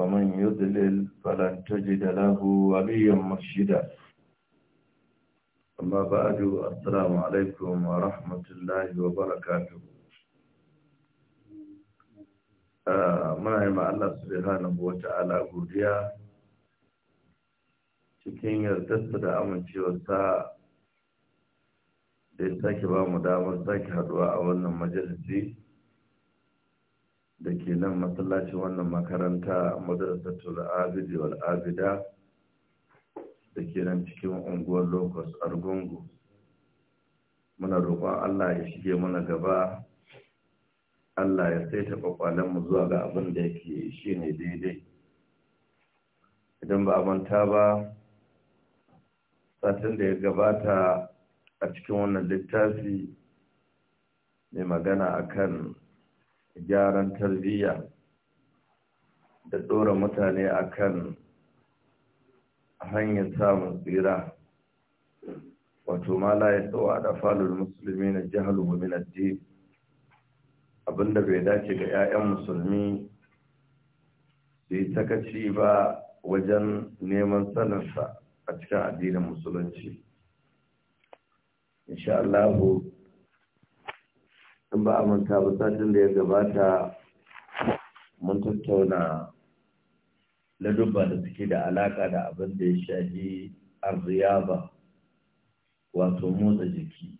ومن يضلل فلن تجد له وليا مرشدا أما بعد السلام عليكم ورحمة الله وبركاته muna yi Allah subhanahu wa ta'ala godiya cikin yardarsa da amincewarsa da ya sake ba mu damar sake haduwa a wannan majalisi da ke nan masallacin wannan makaranta madrasatul abidi wal abida da ke nan cikin unguwar locust argungu muna roƙon allah ya shige mana gaba allah ya saita mu zuwa ga abin da yake shi ne daidai idan ba a manta ba satin da ya gabata a cikin wannan littafi mai magana akan gyaran tarbiyya da ɗora mutane a kan hanyar samun tsira wato ma la ya tsawa da falon musulmi na jihar gominati abinda bai dace ga 'ya'yan musulmi su yi takaci ba wajen neman sanarsa a cikin addinin musulunci insha'allahu in ba a manta ba satin da ya gabata mun tattauna ladubba da suke da alaka da abin da ya shafi arziyaba wato motsa jiki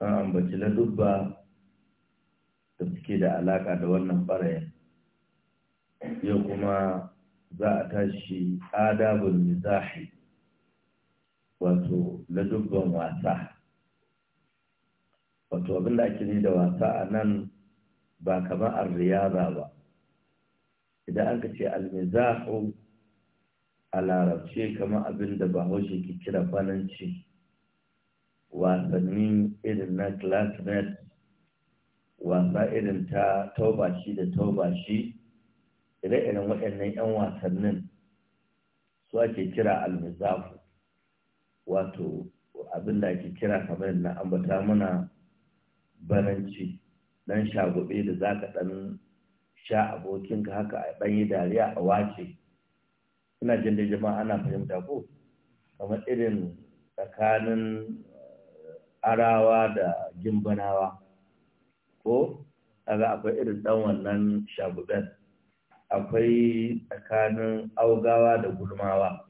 an ambaci ladubba da suke da alaka da wannan barayin yau kuma za a tashi adabul mizahi wato ladubban wasa wato abin da ake da wasa a nan ba kamar arriyaza ba idan an ka ce almizahu a larabce kamar abin da bahaushe ke kira kwananci wasanni irin na classnet wasa irin ta taubashi da taubashi ire-iren waɗannan 'yan wasannin su ake kira almizafu wato abin da ake kira kamar na ambata mana baranci dan shagube da za ka ɗan sha abokinka haka a ɗan yi dariya a wace ina jin da jama'a ana fahimta ko kamar irin tsakanin eh, arawa da gimbanawa ko kaga akwai irin ɗan wannan shaguben akwai tsakanin augawa da gulmawa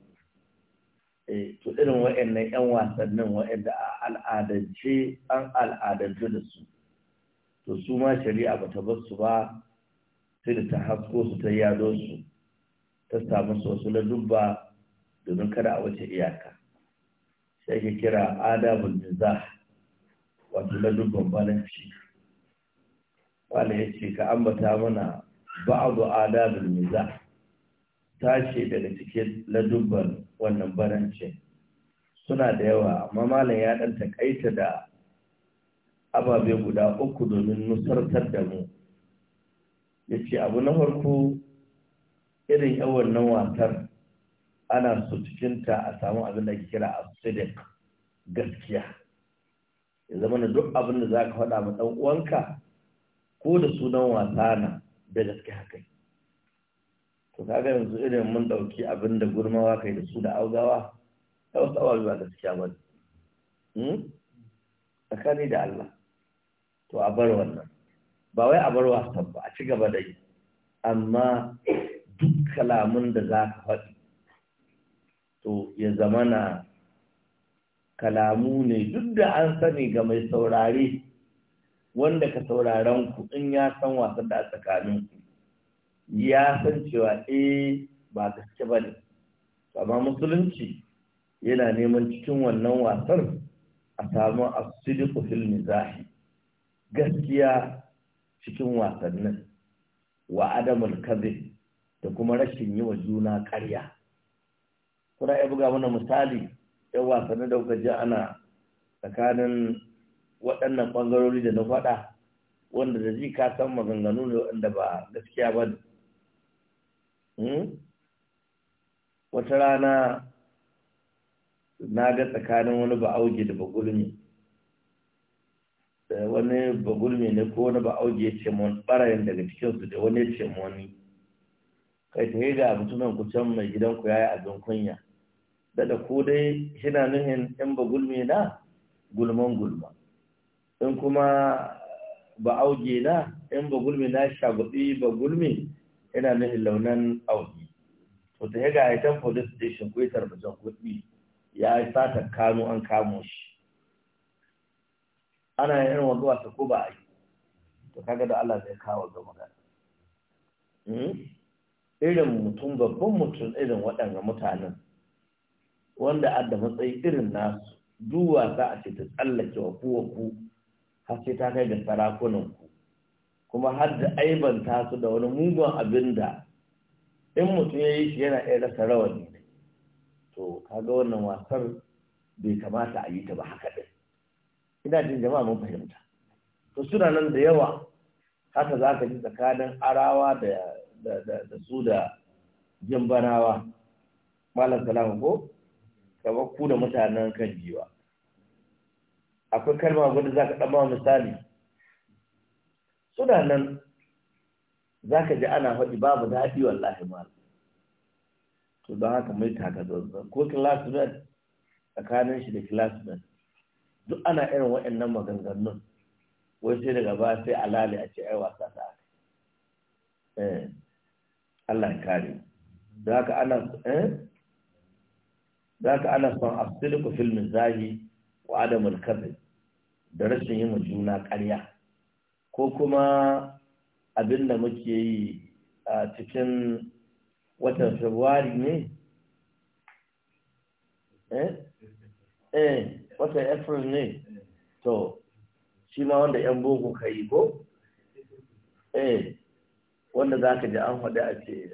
Eh, to irin wa'annan 'yan wasannin wa'anda a al'adance an al'adance da su to su ma shari'a ba ta su ba sai da ta hasko su ta yado su ta samu su wasu dubba domin kada a wace iyaka sai ke kira adabul mizah wato dubban balanci wala ya ce ka ambata mana ba'adu adabul ta ce daga cikin ladubban wannan barance suna da yawa amma malam ya dan takaita da ababe guda uku domin nusartar da mu yace abu na farko irin yawan nan watar ana so ta a samu abin da ake kira asidik gaskiya ya zama na duk abin da zaka faɗa ma ɗan uwanka ko da sunan wasa na da gaske kai. to kaga yanzu irin mun ɗauki abin da gurmawa kai da su da augawa ta wasu awa ba gaskiya ba hmm? tsakani da Allah to a bar wannan ba wai a bar wasan ba a ci gaba da yi amma duk kalamun da za ka faɗi to ya zama na kalamu ne duk da an sani ga mai saurare wanda ka sauraren ku in ya san wasan da a tsakaninku ya san cewa eh ba gaske ba ne amma musulunci yana neman cikin wannan wasan a samu asidiku fil mizahi gaskiya cikin wasannin wa adamul da kuma rashin yi wa juna karya kuna ya buga mana misali yan wasannin da kuka ji ana tsakanin waɗannan ɓangarori da na faɗa wanda da ji ka san maganganu ne waɗanda ba gaskiya ba ne Hmm? wata rana na ga tsakanin wani ba auge da bagulmi wani bagulmi ne ko wani ba auge ya ce mun barayin daga cikinsu da wani ya ce wani kai ta yi ga mutumin ku can mai gidanku ya yi abin kunya daga ko dai shina nuhin in bagulmi na gulman gulma in kuma ba auge na in bagulmi na shagudi bagulmi yana nufin launin audi to ta yaga ya can police station ko ya tarbajan kuɗi ya sata kano an kamo shi ana yin irin wanda wasa ko ba a yi to kaga da Allah zai kawo ga magana hmm? irin mutum babban mutum irin waɗanga mutanen wanda a da matsayi irin nasu duwa za a ce ta tsallake wa ku har sai ta kai da sarakunan ku kuma har da aibanta su da wani mugun abin da in mutum ya yi shi yana iya rasa rawani ne to kaga wannan wasar bai kamata a yi ta ba haka ɗin ina jin jama'a mun fahimta to suna nan da yawa haka za ka ji tsakanin arawa da su da jimbanawa malam salamu ko kamar ku da mutanen kan jiwa akwai kalma gudu za ka ɗan misali suna nan za ka ji ana faɗi babu daɗi wallahi ma to don haka mai taka zanzan ko kilasunan tsakanin shi da kilasunan duk ana irin waɗannan maganganun wai sai daga ba sai alali a ce ai wasa ta aka eh, Allah ya kare da haka ana eh da haka ana son asiliku filmin zahi wa adamul kadhib da rashin yin juna ƙarya ko kuma abin da muke yi a cikin watan februari ne eh eh watan april ne to shi ma wanda yan boko ka yi ko eh wanda za ka ji an faɗi a ce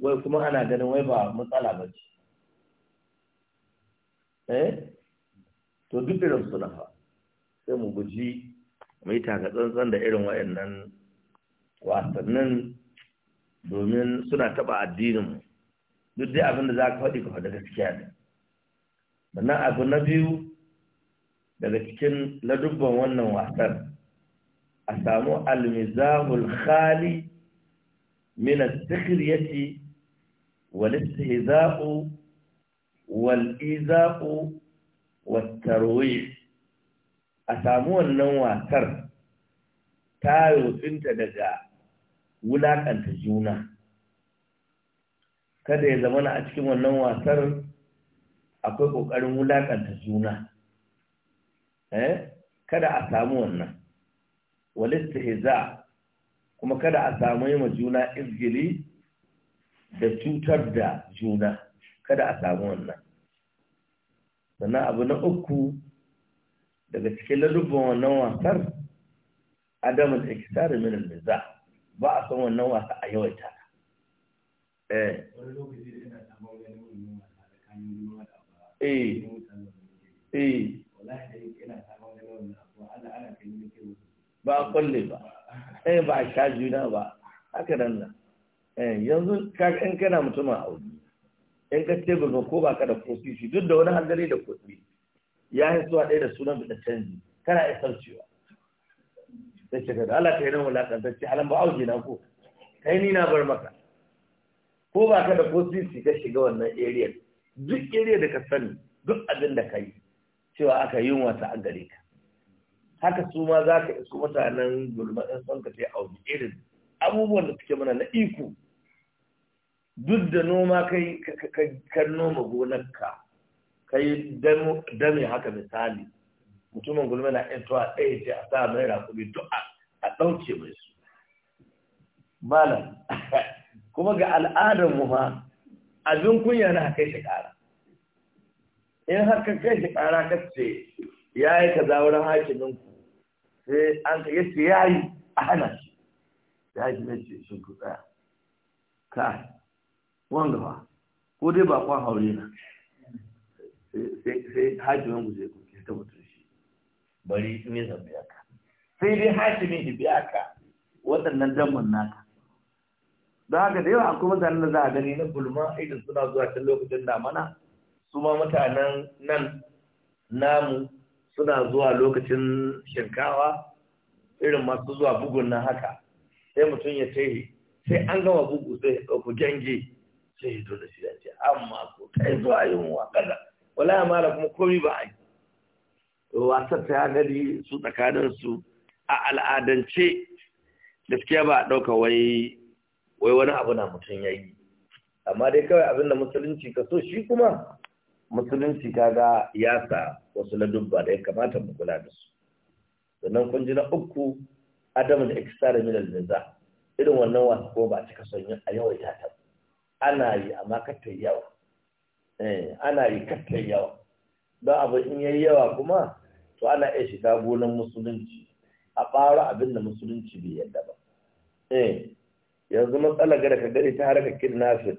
wai kuma ana ganin wai ba matsala ba ce eh to duk irin su sai mu guji mu yi taka tsantsan da irin wayannan wasannin domin suna taɓa addininmu duk dai abin da za ka faɗi ka faɗi gaskiya ne sannan abu na biyu daga cikin ladubban wannan wasan a samu almizahul khali min as-sikhriyati wal istihza'u wal iza'u wat tarwih a samu wannan wasar ta rufinta daga wulaƙanta juna kada ya na a cikin wannan wasar akwai ƙoƙarin wulaƙanta juna eh? kada a samu wannan walista za kuma kada a samu yi juna izgili da cutar da juna kada a samu wannan sannan abu na uku daga cikin ladubban wannan wasar adamun ikisari minin al-miza ba a san wannan wasa a yawaita eh. ba a kwalle ba kulle eh, ba a sha juna ba haka nan na eh, yanzu ka kana mutum a aure in ka ce ba ko ba ka da kofi shi duk da wani hangari da kofi ya yi suwa ɗaya da sunan da canji kana iya sarcewa da ce kada Allah kai nan wulakantacce halan ba auge na ko kai ni na bar maka ko ba ka da ko sisi ka shiga wannan area duk area da ka sani duk abin da ka yi cewa aka yi wata a gare ka haka su ma za ka isko mutanen gulma son ka sai auge irin abubuwan da suke mana na iko duk da noma kai ka noma gonar ka kai dame haka misali mutumin gulma na tuwa ɗaya ce a sa mai rakumi du'a a ɗauke mai su malam kuma ga al'adar mu ma abin kunya na kai shi ƙara in haka kai shi ƙara ka ce ya yi ka za hakimin ku sai an ka yi ya yi a hana shi ya yi mai ce shi ku tsaya ka wanga ba ko dai ba kwan haure na sai hakimin mu zai kuke ta mutum shi bari in ya zambi ka sai dai hakimin ya biya ka waɗannan damun naka don haka da yawa akwai mutanen da za a gani na gulma idan suna zuwa can lokacin mana su ma mutanen nan namu suna zuwa lokacin shinkawa irin masu zuwa bugun nan haka sai mutum ya ce sai an gama bugu sai ya ɗauko gyange sai ya zo da shi ya ce amma ko kai zuwa wa kaza wala ya mara kuma komi ba a yi wasan ta gani su tsakaninsu a al'adance gaskiya ba a ɗauka wai wani abu na mutum ya yi amma dai kawai abinda musulunci ka so shi kuma musulunci kaga ya sa wasu ladubba da ya kamata mu kula da su sannan kun ji na uku adamu da ikisar min al za irin wannan wasu ko ba cika son a yawaita ta ana yi amma kar ta yawa Eh, ana yi rikattar yawa don abu in yi yawa kuma to ana iya shiga gonan musulunci a ɓara abin da musulunci bai yadda ba eh, yanzu matsalar ga ka gani ta harkar kidnapping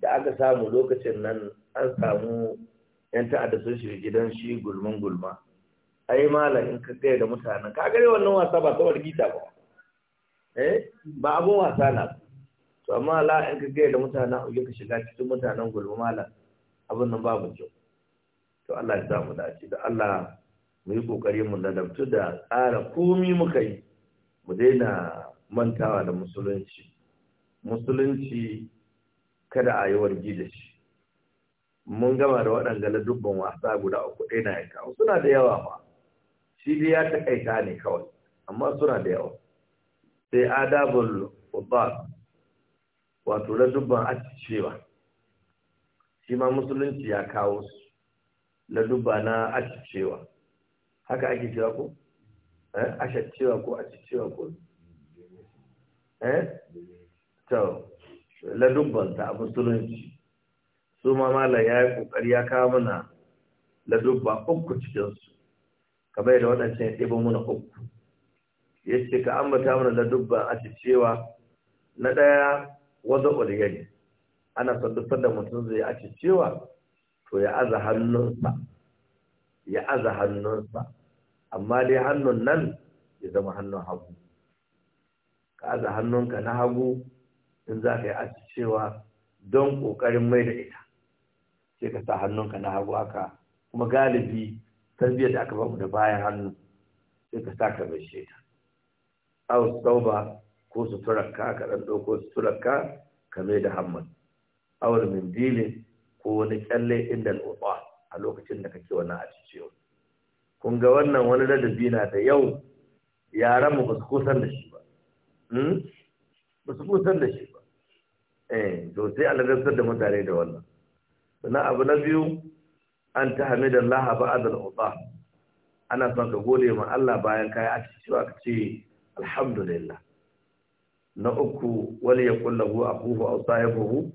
da aka samu lokacin nan an samu yan ta'adda sun shiga gidan shi gulman gulma ai malam in ka gaya da mutanen ka gare wannan wasa ba kawar gita ba eh ba abun wasa na to amma la in ka gaya da mutanen ka shiga cikin mutanen gulma malam abin nan babu kyau to Allah ya mu dace da Allah mu yi kokari mu ladabtu da tsara komi muka yi mu daina mantawa da musulunci musulunci kada a yi wargi da shi mun gama da waɗanda dubban wasa guda uku ɗaya na yanka suna da yawa ba shi dai ya taƙaita ne kawai amma suna da yawa sai adabul ubad wato dubban a cewa shi ma musulunci ya kawo su na duba na acicewa haka ake cewa ko eh, acicewa ko acicewa ko eh to ladubbanta a musulunci su ma mala ya yi kokari ya kawo mana ladubba uku cikinsu kamar yadda waɗancan ya ɗiba muna uku ya ce ka ambata mana ladubban acicewa na ɗaya waza'ul yadi ana son duk sanda mutum zai a cewa to ya aza hannunsa ya aza hannunsa amma dai hannun nan ya zama hannun hagu ka aza hannunka na hagu in za ka yi a cewa don ƙoƙarin mai da ita sai ka sa hannunka na hagu aka, kuma galibi tarbiyyar da aka bamu da bayan hannu sai ka sa ka mai shaita aus tauba ko suturarka ka ɗan ɗauko suturarka ka mai da hamman awar mindili ko wani kyalle inda al'uba a lokacin da kake wannan ajiyewa kun ga wannan wani ladabi na da yau yaran mu ba su kusan da shi ba hmm? ba su kusan da shi ba eh to sai aladar da mutane da wannan sannan abu na biyu an ta ba ba'da al'uba ana son ka gode ma Allah bayan kayi ajiyewa ka ce alhamdulillah na uku wani ya kullahu akuhu aw sahibuhu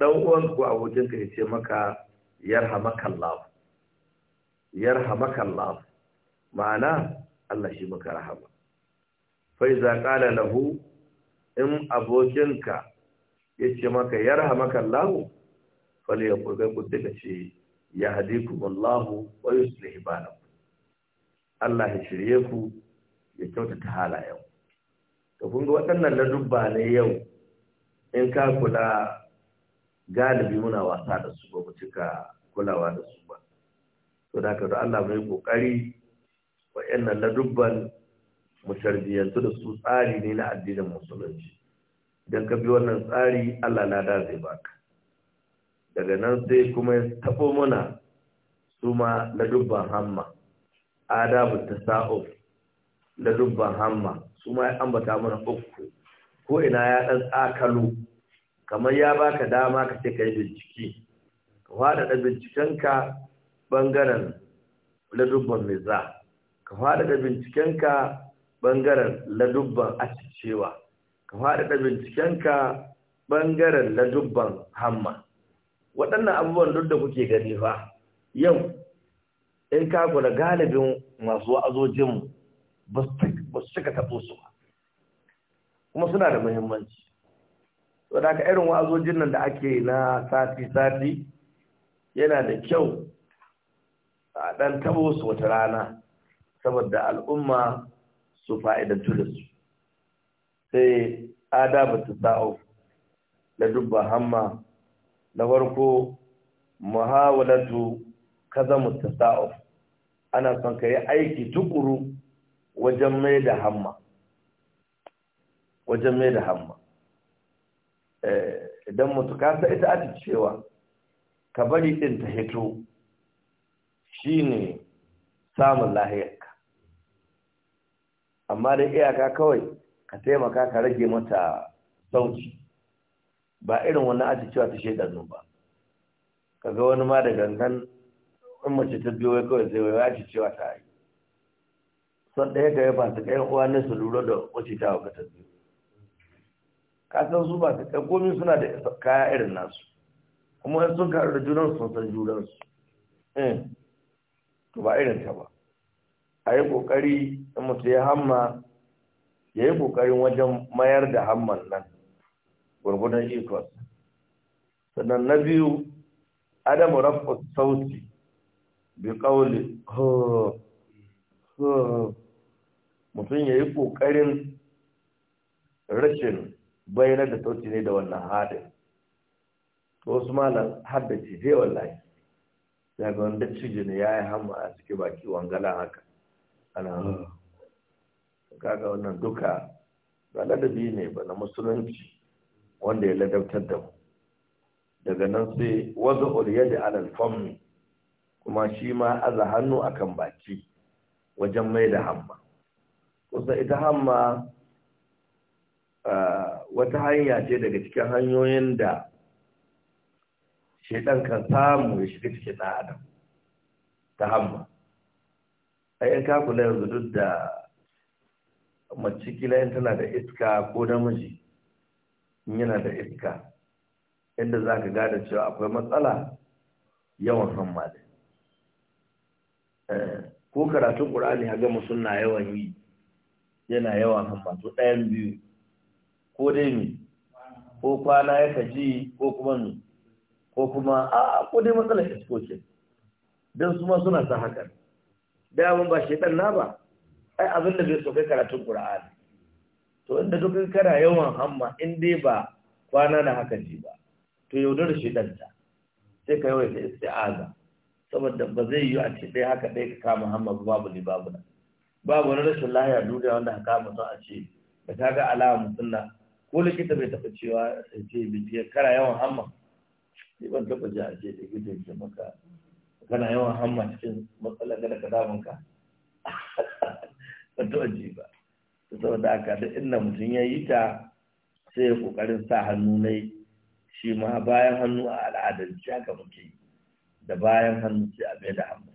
dan uwan ko abokinka ya ce maka yarhamakallah yarhamakallah ma'ana Allah shi maka rahama fa iza qala lahu in abokinka yace maka yarhamakallah falyaqul ku ka ce Allah wa yuslih balakum Allah ya shirye ku ya kyautata halayen Ka kun ga waɗannan ladubba ne yau in ka kula galibi muna wasa da su ba mu cika kulawa da su ba to da ka da Allah mai kokari wa'annan ladubban mu tarbiyyantu da su tsari ne na addinin musulunci idan ka bi wannan tsari Allah na lada zai baka daga nan sai kuma ya tabo mana su ma ladubban hamma adabu tasa'uf ladubban hamma su ma ya ambata mana uku ko ina ya dan tsakalo kamar ya baka dama ka ce ka yi bincike ka faɗaɗa bincikenka ɓangaren ladubban miza ka binciken bincikenka bangaren ladubban acicewa ka binciken bincikenka ɓangaren ladubban hamma waɗannan abubuwan duk da kuke gani fa yau in ka kula galibin masu wa'azojinmu ba su cika taɓo su ba kuma suna da muhimmanci so irin wa'azojin nan da ake na sati-sati yana da kyau a ɗan tabo su wata rana saboda al'umma su fa'idantu da su sai adaba ta sa'o da dubba hamma na farko muhawalatu kaza mutasa'o ana son ka yi aiki tukuru wajen mai da hamma wajen mai da hamma Eh, idan mutu kasa ita ake cewa ka bari din ta hito shi ne samun lahiyarka amma da iyaka kawai ka taimaka ka rage mata sauci ba irin wani ake cewa ta shaidannu ba kaga wani ma da gangan in mace ta biyo wai kawai sai wai ake cewa ta yi son ɗaya ga ya ba su kayan uwa na su lura da wace ta hauka biyu kasan su ba ta kai suna da kaya irin nasu kuma in sun karu da junan sun san su eh, to ba irin ta ba a yi ƙoƙari in mutu ya hamma ya yi ƙoƙarin wajen mayar da hamman nan gwargwadon ikon sannan na biyu adamu rafa sauti bi mutum ya yi ƙoƙarin rashin bayanar da sauti ne da wannan haɗin wasu malam har da cije wallahi ya ga wanda cije ya yi hamma a cike baki wangala haka ana ah. kaga wannan duka ba ladabi ne ba na musulunci wanda ya ladabtar da mu daga nan sai wazo da alal fammi kuma shi ma aza hannu akan baki wajen mai da hamma kusa ita hamma wata hanya ce daga cikin hanyoyin da shaidan kan samu ya shiga cikin ɗan adam ta hamma a kakula yanzu duk da mace kila tana da iska ko namiji yana da iska inda za ka gada cewa akwai matsala yawan hamma da eh, ko karatun ƙur'ani ha gama suna yawan yi yana yawan hamma to ɗayan biyu ko dai mi ko kwana ya kaji ko kuma mi ko kuma a ko dai matsalar ce don su ma suna sa hakan daman ba shaitan na ba ai abin da zai so kai karatun qur'ani to inda duk kana yawan hamma in dai ba kwana na haka ji ba to yaudar shaitan ta sai ka yawaita isti'aza saboda ba zai yi a ce dai haka dai ka kama hamma babu ne babu na babu na rashin lahiya duniya wanda haka mutum a ce da ka ga alama sunna ko likita bai taɓa cewa ya ce biki kana yawan hamma sai ban taba ji a ce likita ya maka kana yawan hamma cikin matsalar da ka damun ka ban taɓa ji ba saboda haka da inda mutum ya yi ta sai ya kokarin sa hannu na shi ma bayan hannu a al'adance haka muke da bayan hannu sai a mai da hannu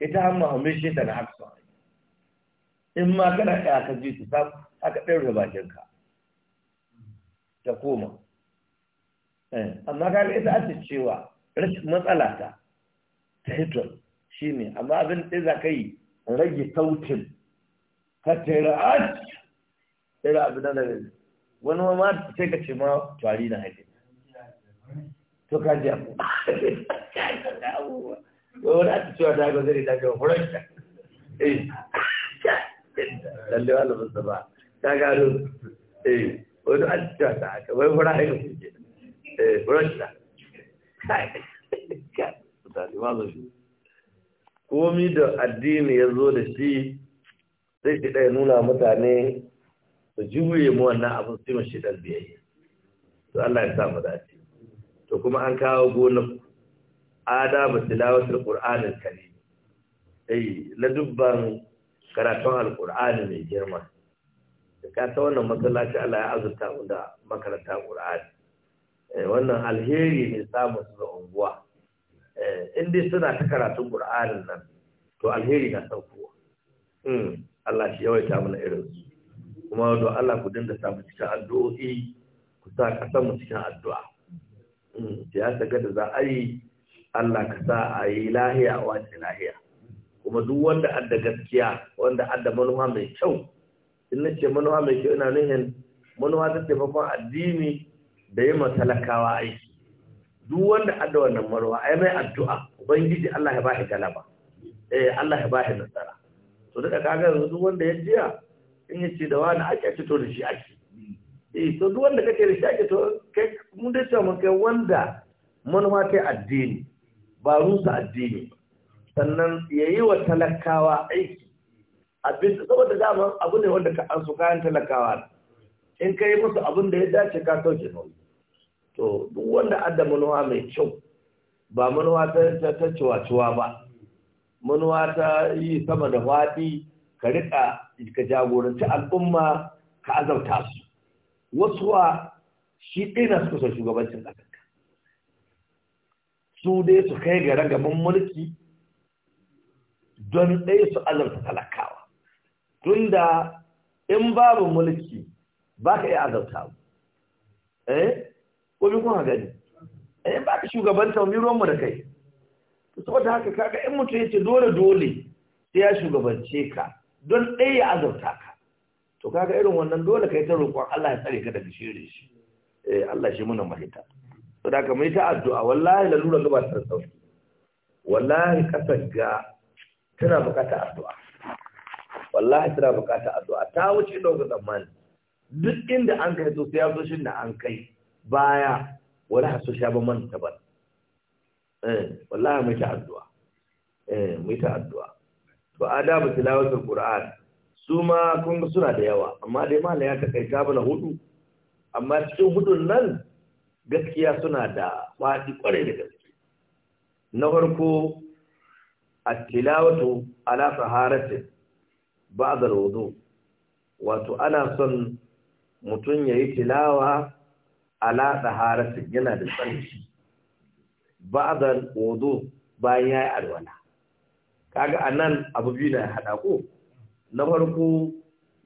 ita hannu hannu shi ta na haka in ma kana ɗaya ka ji ta haka ɗaya da bakinka ta koma eh, amma ka ita ake cewa rashin matsala ta title shi ne amma abin da za ka yi rage sautin ka a ira abu na nare wani ma sai ka ce ma tari na haifin to ka ji abu wani ake cewa ta ga zai ta ga ta eh lallewa ba ta eh ഒരു kai kai komi da addini ya zo da shi sai shi ɗaya nuna mutane su juye mu wannan abin sai mashi ɗan biyayya to Allah ya sa mu dace to kuma an kawo gona adabu tilawatul qur'anil kare eh la dubban karatun alqur'ani mai girma ka ta wannan masallaci Allah ya azurta da makaranta Qur'ani eh, wannan alheri ne samu su da unguwa eh, in dai suna ta karatun Qur'anin nan to alheri na saukowa hmm, Allah shi ta mana irin su kuma don Allah ku dinga samu cikin addu'o'i ku sa mu cikin addu'a hmm, siyasa ga da za a yi Allah ka sa a yi lahiya a lahiya kuma duk wanda adda gaskiya wanda adda manufa mai kyau in na ce manuwa mai kyau ina nuhin manuwa ta taimakon addini da yi talakawa aiki duk wanda adda wannan a ai mai addu'a ubangiji Allah ya ba shi galaba eh Allah ya ba shi nasara to daga kaga yanzu duk wanda ya jiya in ya ce da wani ake to da shi ake eh to duk wanda kake da shi ake to kai mun da cewa mun kai wanda manuwa ta addini ba rusa addini sannan yayi wa talakawa aiki abin saboda dama abu ne wanda ka an su kayan talakawa in ka yi musu abin da ya dace ka sauke nauyi to duk wanda da manuwa mai kyau ba manuwa ta ta ciwa ba manuwa ta yi sama da faɗi ka riƙa ka jagoranci al'umma ka azauta su wasu wa shi ɗina suka son shugabancin ƙasar su dai su kai ga ragaman mulki don ɗaya su azarta talaka tunda in babu mulki ba ka iya azabta eh ko bi kun gani eh ba ka shugabanta mu ruwan mu da kai saboda haka kaga in mutum yace dole dole sai ya shugabance ka don ɗaya ya azabta ka to kaga irin wannan dole kai ta roƙon Allah ya tsare ka daga shirin shi eh Allah shi muna mahita saboda da mai ta addu'a wallahi lalura ba ta sauki wallahi kasar ga tana bukatar addu'a wallahi suna bukata addu'a ta wuce dogon tsammani duk inda an kai sosai ya da an kai baya wani hasu sha ba manta ba eh, wallahi mai ta addu'a eh, mai ta addu'a ba adabu qur'an su ma kun suna da yawa amma dai mallan ya takaita bana hudu amma cikin hudun nan gaskiya suna da faɗi kwarai da gaske na farko at-tilawatu ala saharatin ba'dal wudu wato ana son mutum yayi tilawa ala taharati yana da tsarki ba'dal wudu bayan yayi alwala kaga anan abu biyu na hada ko na farko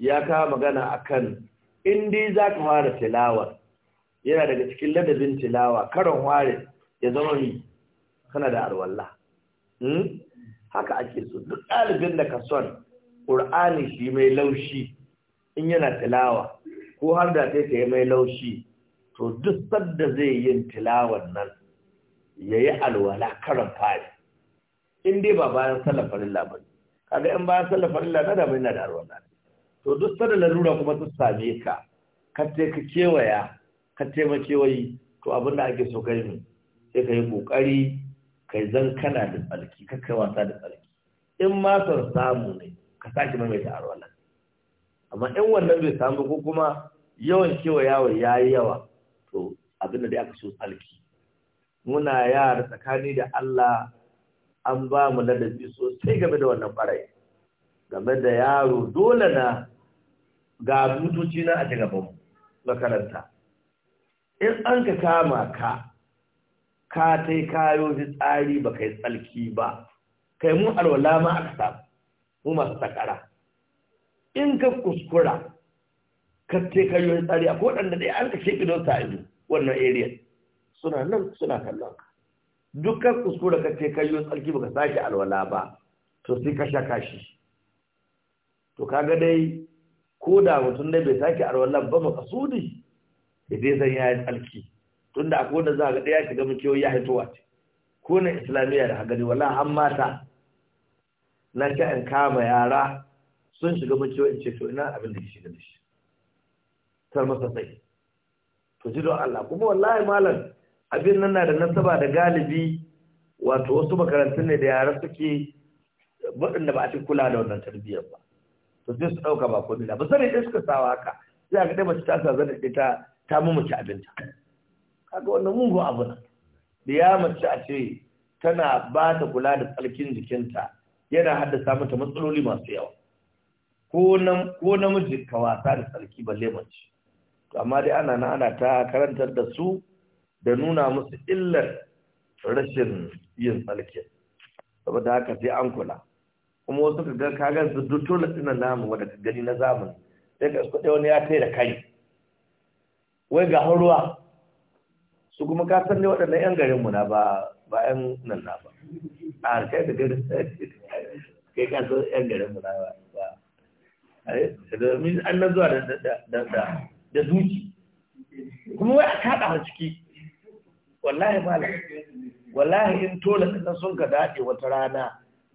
ya ka magana akan in dai ka fara tilawa yana daga cikin ladabin tilawa karon ware ya zama ni kana da alwala hmm? haka ake so duk ɗalibin da ka son ƙur'ani shi mai laushi in yana tilawa ko har da ta yi mai laushi to duk sadda zai yin tilawan nan ya yi alwala karan fari in dai ba bayan sallar farilla ba kaga in bayan sallar farilla na da mai na da alwala to duk sadda lalura kuma su same ka ka ce ka kewaya ka taimake wai to abin da ake so gani sai ka yi kokari kai zan kana da tsalki ka kai wasa da tsalki in ma son samu ne ka sake maimaita arwala amma in wannan bai samu ko kuma yawan kewa yawon ya yi yawa to abin da aka so tsalki muna yara tsakani da Allah an ba mu ladabi sosai game da wannan ɓarai game da yaro dole na ga mutuci na a ci gaban makaranta in an ka kama ka ka tai kayo ji tsari ba kai tsalki ba kai mun alwala ma aka samu mu masu takara in ka kuskura ka ce ka yi tsari a kodan da dai an ka sheƙi don sa ido wannan area suna nan suna kallon ka dukkan kuskura ka ce ka yi tsarki ka sake alwala ba to sai ka sha kashi to kaga dai ko da mutum dai bai sake alwala ba kasudi idan zan yi tsarki tunda a kodan za ga ɗaya shiga mun kewa ya hitowa ce ko na islamiyya da hagari wala an mata na ce in kama yara sun shiga mace in ce to ina abin da shi da shi tar masa sai to ji don Allah kuma wallahi malam abin nan na da nasaba da galibi wato wasu makarantun ne da yara suke waɗanda ba a cikin kula da wannan tarbiyyar ba to sai su ɗauka ba komai ba sani ɗin suka sawa haka sai ga mace ta sa zan ta ta mamace abinta kaga wannan mugun abu nan. da ya mace a ce tana ba ta kula da tsarkin jikinta yana haddasa mata matsaloli masu yawa ko namiji ka wasa da sarki balle mace amma dai ana na ana ta karantar da su da nuna musu illar rashin yin sarki saboda haka sai an kula kuma wasu ka ga kagan su duk tola namu wanda ka gani na zamani sai ka kuɗe wani ya kai da kai wai ga ruwa su kuma ka san ne waɗannan yan garinmu na ba yan nan na ba a harkar da garin sai kai ka so yan garin mu rawa ba eh, domin an na zuwa da zuci kuma wai a kaɗa a ciki wallahi ba wallahi in tola kasan sun ka daɗe wata rana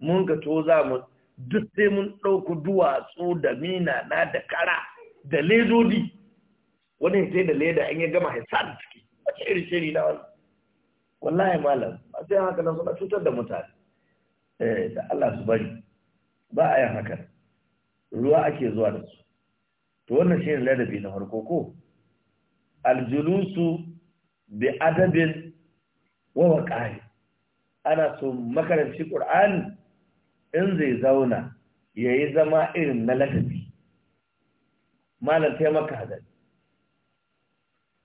mun ka to za mu duk sai mun ɗauku duwatsu da mina na da kara da ledodi wani sai da leda an ya gama haisa da ciki wace iri shiri na wani wallahi malam a sai haka nan suna cutar da mutane eh, da Allah su bari ba a yin hakan ruwa ake zuwa da su to wannan shi ne ladabi na farko ko aljulusu bi adabin wa waqa'i ana so makaranci qur'ani in zai zauna yayi zama irin na ladabi malam sai maka hadari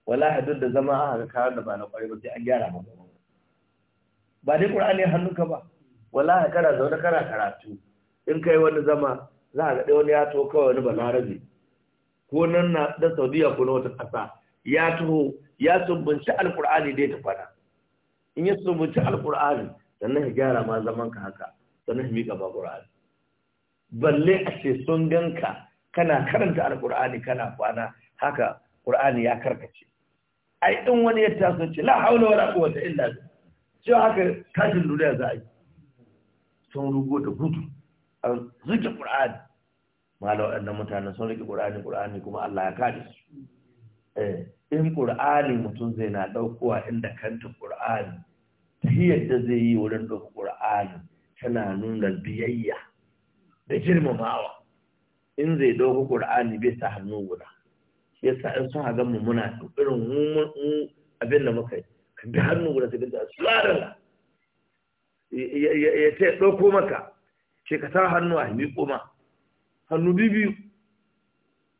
wala haɗu da zama a haka kayan da ba na ƙwari ba sai an gyara ba ba dai qur'ani hannunka ba wala kana zaune kana karatu in kai wani zama za a gaɗe wani ya taho kawai wani balarabe ko nan na da saudiya ko na wata ƙasa ya taho ya sumbunci alƙur'ani dai ta fada in ya sumbunci alƙur'ani sannan ya gyara ma zaman ka haka sannan ya miƙa ba ƙur'ani balle a ce sun ganka kana karanta alƙur'ani kana kwana haka ƙur'ani ya karkace ai in wani ya taso ce la haula wala quwwata illa billah cewa haka tashin duniya za a yi sun rugo da gudu an rike ƙur'ani mala waɗannan mutanen sun rike ƙur'ani ƙur'ani kuma Allah ya kare su in ƙur'ani mutum zai na ɗaukowa inda kanta ƙur'ani ta yadda zai yi wurin ɗauka ƙur'ani tana nuna biyayya da girmamawa in zai ɗauka ƙur'ani bai sa hannu guda yasa in sun hagan mu muna irin mu abin da muka yi ka bi hannu guda sai ka ga ya ce ɗauko maka sai ka sa hannu a miƙo ma hannu biyu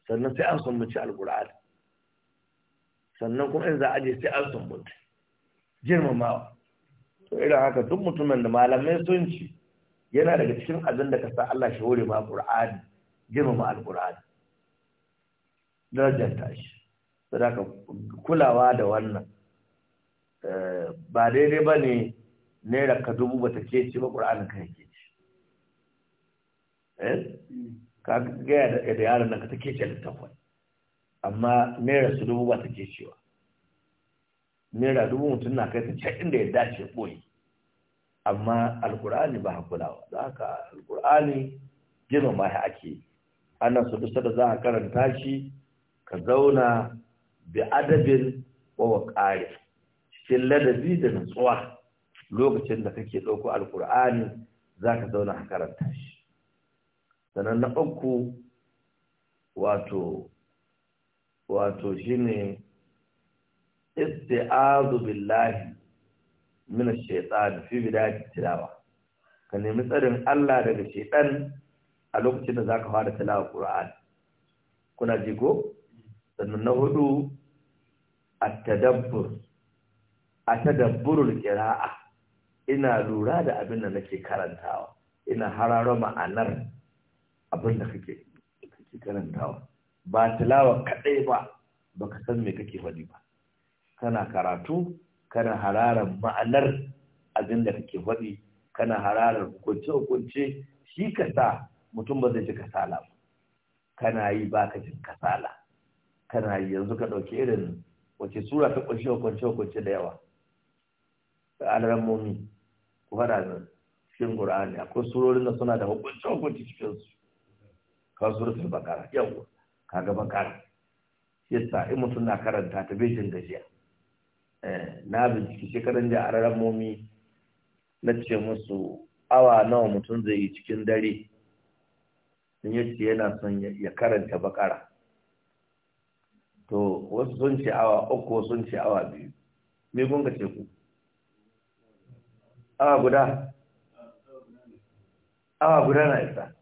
sannan sai an sumbunci alƙur'ani sannan kuma in za a je sai an sumbunci girmamawa to irin haka duk mutumin da malamai sun ci yana daga cikin abin da ka sa Allah shi hore ma Qur'ani girmama al darajar tashi sai saboda kulawa da wannan eh, ba daidai bane naira ka dubu ta ke ci ba Qur'anin ka yake Eh? ka gaya da yaron nan ka take ce littafin amma naira su dubu ba ta ke cewa naira dubu mutum na kai ta ce, inda ya dace ɓoye amma alkur'ani ba hakulawa za ka alkur'ani girma ma ya ake ana su dusa da za a karanta shi ka zauna bi adabin wawa ƙari cikin ladabi da nutsuwa lokacin da kake ɗauko alkur'ani za ka zauna a karanta shi sannan na uku wato wato shine isti'azu billahi min ash-shaytan fi bidayati tilawa ka nemi tsarin Allah daga shaytan a lokacin da zaka fara tilawa Qur'ani kuna ji go sannan na hudu at-tadabbur at-tadabburul qira'a ina lura da abin da nake karantawa ina hararo ma'anar abin da kake kake karantawa ba tilawa kadai ba baka san me kake faɗi ba kana karatu kana hararar ma'anar abin da kake faɗi kana hararar hukunce hukunce shi ka sa mutum ba zai ji kasala ba kana yi ba ka jin kasala kana yi yanzu ka ɗauki irin wace sura ta ƙunshe hukunce hukunce da yawa al'adar momi ku fara cikin ƙur'ani akwai surorin da suna da hukunce hukunce cikinsu ka suratul bakara yawa kaga bakara yasa in mutum na karanta ta bai gajiya eh, na binciki shekaran da a momi na ce musu awa nawa mutum zai yi cikin dare sun yi ce yana son ya karanta bakara to wasu sun ce awa uku wasu sun ce awa biyu me gunga ce ku awa guda awa guda na isa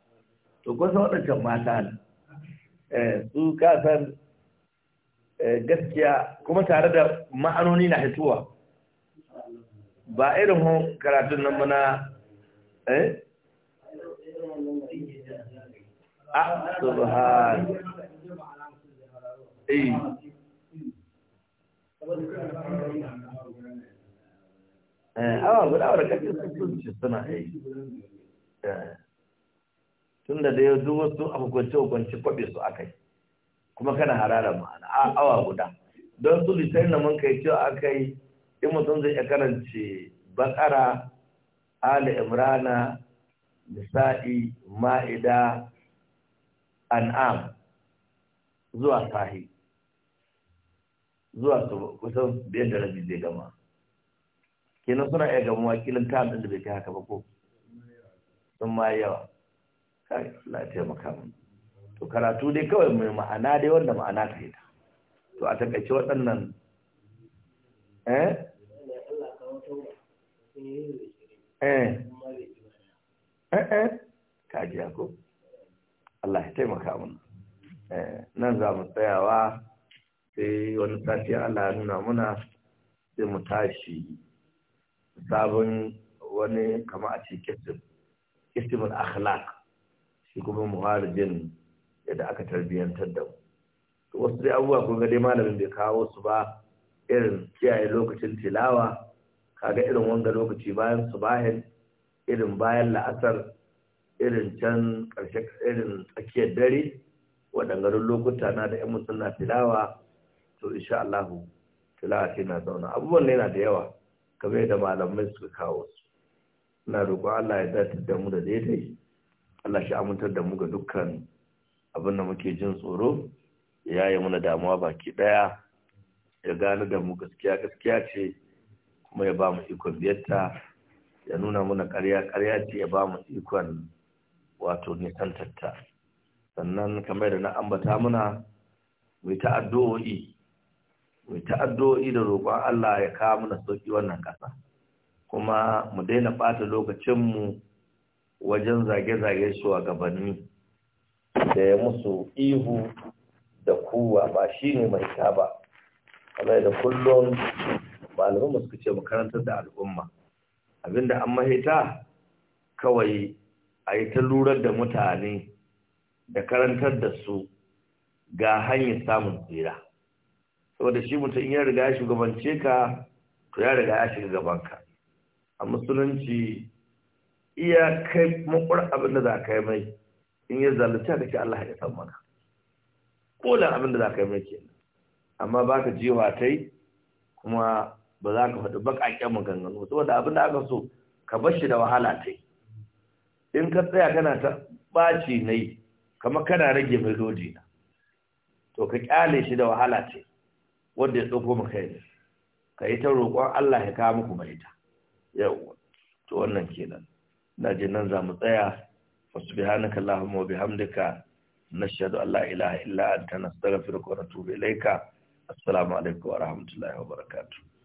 to kusa waɗancan mata ne eh, su kasar eh, gaskiya kuma tare da ma'anoni na hituwa ba irin hon karatun nan muna eh a ah, subhan eh eh awa guda wadda kafin sun suna eh tun da dai duk wasu a hukunce kwabe su akai kuma kana harara ma'ana a awa guda don su litai na mun kai cewa yi in mutum zai iya karance bakara ala imrana nisa'i ma'ida an'am zuwa sahi zuwa su kusan biyar da rabi zai gama kenan suna iya gama wakilin ta da bai kai haka ba ko sun ma yawa kai Allah ya to karatu dai kawai mai ma'ana dai wanda ma'ana ta yi to a takaice waɗannan eh eh eh, eh. ka ji ko Allah ya taimaka mun. eh nan za mu tsayawa sai wani sati Allah ya nuna muna sai mu tashi sabon wani kama a ce kistin akhlaq shi kuma muharibin yadda aka tarbiyyantar da mu wasu dai abubuwa kun ga dai malamin bai kawo su ba irin kiyaye lokacin tilawa kaga irin wanga lokaci bayan subahin irin bayan la'asar irin can ƙarshe irin tsakiyar dare waɗangarin lokuta na da 'yan musulna tilawa to insha Allah tilawa ce na zauna abubuwan ne na da yawa kamar yadda malamai suka kawo su ina roƙon Allah ya dace da mu da daidai Allah shi amintar da mu ga dukkan abin da muke jin tsoro ya yi muna damuwa baki daya ya gane da mu gaskiya gaskiya ce kuma ya ba mu ikon biyarta ya nuna muna karya karya ce ya ba mu ikon wato nisantarta sannan kamar da na ambata muna mai ta'addo'i mai ta'addo'i da roƙon Allah ya kawo mana sauki wannan ƙasa kuma mu daina ɓata lokacinmu wajen zage-zage su a gabanni da ya musu ihu da kuwa ba shi ne mai ta ba kamar da kullum malamanmu suka ce makarantar da al'umma abinda an mahita kawai a yi ta lurar da mutane da karantar da su ga hanyar samun tsira saboda shi mutum ya riga ya shugabance ka to ya riga ya shiga gabanka a musulunci iya kai makwar abin da za ka yi mai in ya zalunci da ce Allah ya san maka kolan abin da za ka yi mai kenan amma ba ka jewa ta kuma ba za ka faɗi baƙaƙen maganganu saboda abin da aka so ka bar shi da wahala ta yi in ka tsaya kana ta ɓaci na yi kamar kana rage mai doji na to ka ƙyale shi da wahala ta yi wanda ya ɗauko kai yi ka yi ta roƙon Allah ya kawo muku mai ta yau to wannan kenan na jin nan za mu tsaya fa subhanaka hamdika wa bihamdika nashhadu an la ilaha illa anta nastaghfiruka wa natubu ilayka assalamu alaikum wa rahmatullahi wa barakatuh